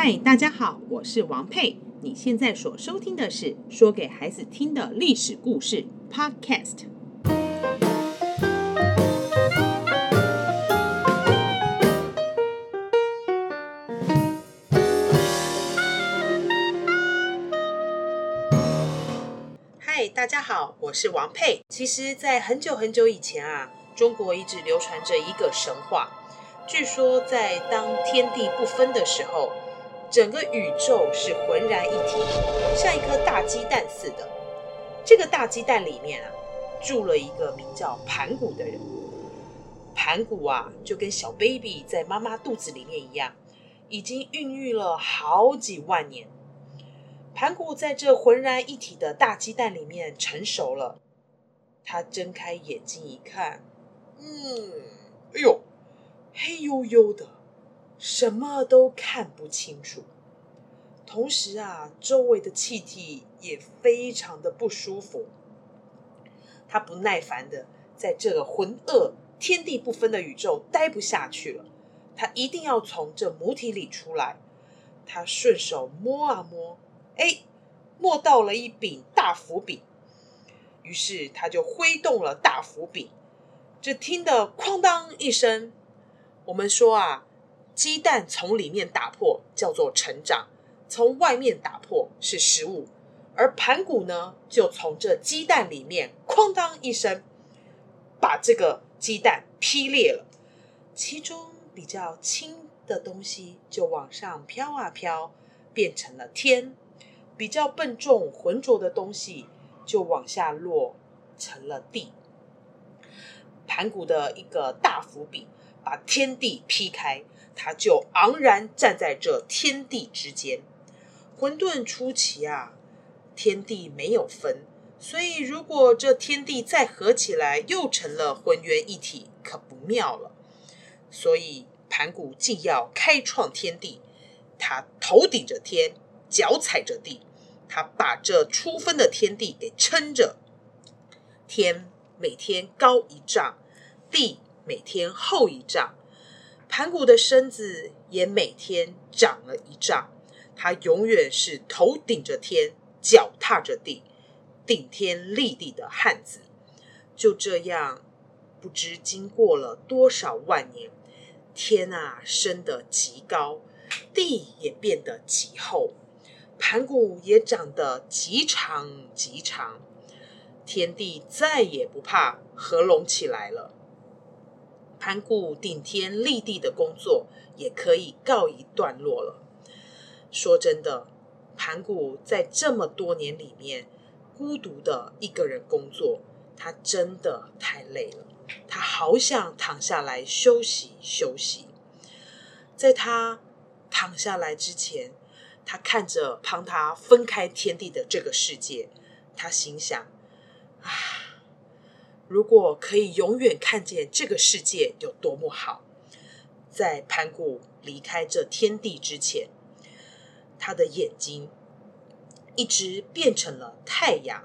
嗨，Hi, 大家好，我是王佩。你現在所收聽的是《說給孩子聽的歷史故事》Podcast。嗨，大家好，我是王佩。其實，在很久很久以前啊，中國一直流傳着一個神話。據說，在當天地不分的時候。整個宇宙是渾然一體，像一顆大雞蛋似的。這個大雞蛋裡面啊，住了一個名叫盤古的人。盤古啊，就跟小 baby 在媽媽肚子裡面一樣，已經孕育了好幾萬年。盤古在這渾然一體的大雞蛋裡面成熟了，他睜開眼睛一看，嗯，哎呦，黑黝黝的。什麼都看不清楚，同時啊，周圍的氣體也非常的不舒服。他不耐煩的在這個渾噩天地不分的宇宙待不下去了，他一定要從這母體裡出來。他順手摸啊摸，誒，摸到了一柄大斧柄，於是他就揮動了大斧柄，只聽得哐當一聲。我們說啊。雞蛋從裡面打破叫做成長，從外面打破是食物。而盤古呢，就從這雞蛋裡面哐噹一聲，把這個雞蛋劈裂了。其中比較輕的東西就往上飄啊飄，變成了天；比較笨重渾濁的東西就往下落，成了地。盤古的一個大伏筆，把天地劈開。他就昂然站在這天地之間。混沌初起啊，天地沒有分，所以如果這天地再合起來，又成了渾圓一體，可不妙了。所以盤古既要開創天地，他頭頂着天，腳踩着地，他把這初分的天地給撐着。天每天高一丈，地每天厚一丈。盤古的身子也每天長了一丈，他永遠是頭頂着天，腳踏着地，頂天立地的漢子。就這樣，不知經過了多少萬年，天啊，升得極高，地也變得極厚，盤古也長得極長極長，天地再也不怕合攏起來了。盤古頂天立地的工作也可以告一段落了。說真的，盤古在這麼多年裡面孤獨的一個人工作，他真的太累了。他好想躺下來休息休息。在他躺下來之前，他看着幫他分開天地的這個世界，他心想：啊。如果可以永遠看見這個世界有多麼好！在盤古離開這天地之前，他的眼睛一隻變成了太陽，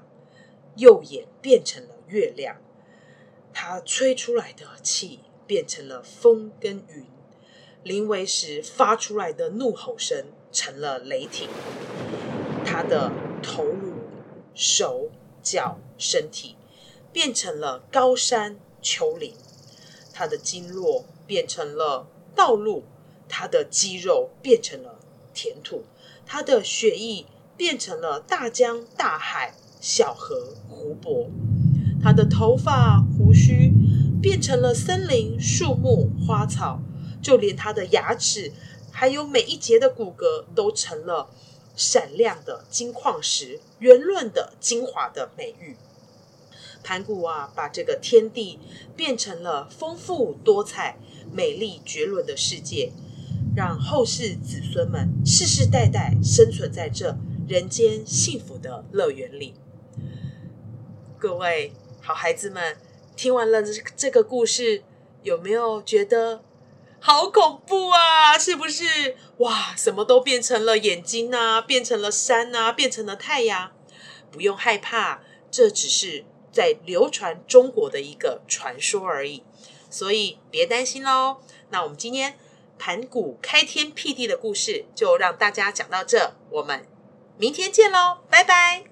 右眼變成了月亮。他吹出來的氣變成了風跟雲，臨危時發出來的怒吼聲成了雷霆。他的頭顱、手腳、身體。變成了高山丘陵，它的經絡變成了道路，它的肌肉變成了田土，它的血液變成了大江大海、小河湖泊，它的頭髮鬍鬚變成了森林樹木花草，就連它的牙齒還有每一節的骨骼，都成了閃亮的金礦石、圓潤的精華的美玉。盤古啊，把這個天地變成了豐富多彩、美麗絕倫的世界，讓後世子孫們世世代代生存在這人間幸福的樂園裡。各位好孩子們，聽完了這個故事，有沒有覺得好恐怖啊？是不是？哇，什麼都變成了眼睛啊，變成了山啊，變成了太陽。不用害怕，這只是。在流傳中國的一個傳說而已，所以別擔心嘍。那我們今天盤古開天闢地的故事就讓大家講到這，我們明天見嘍，拜拜。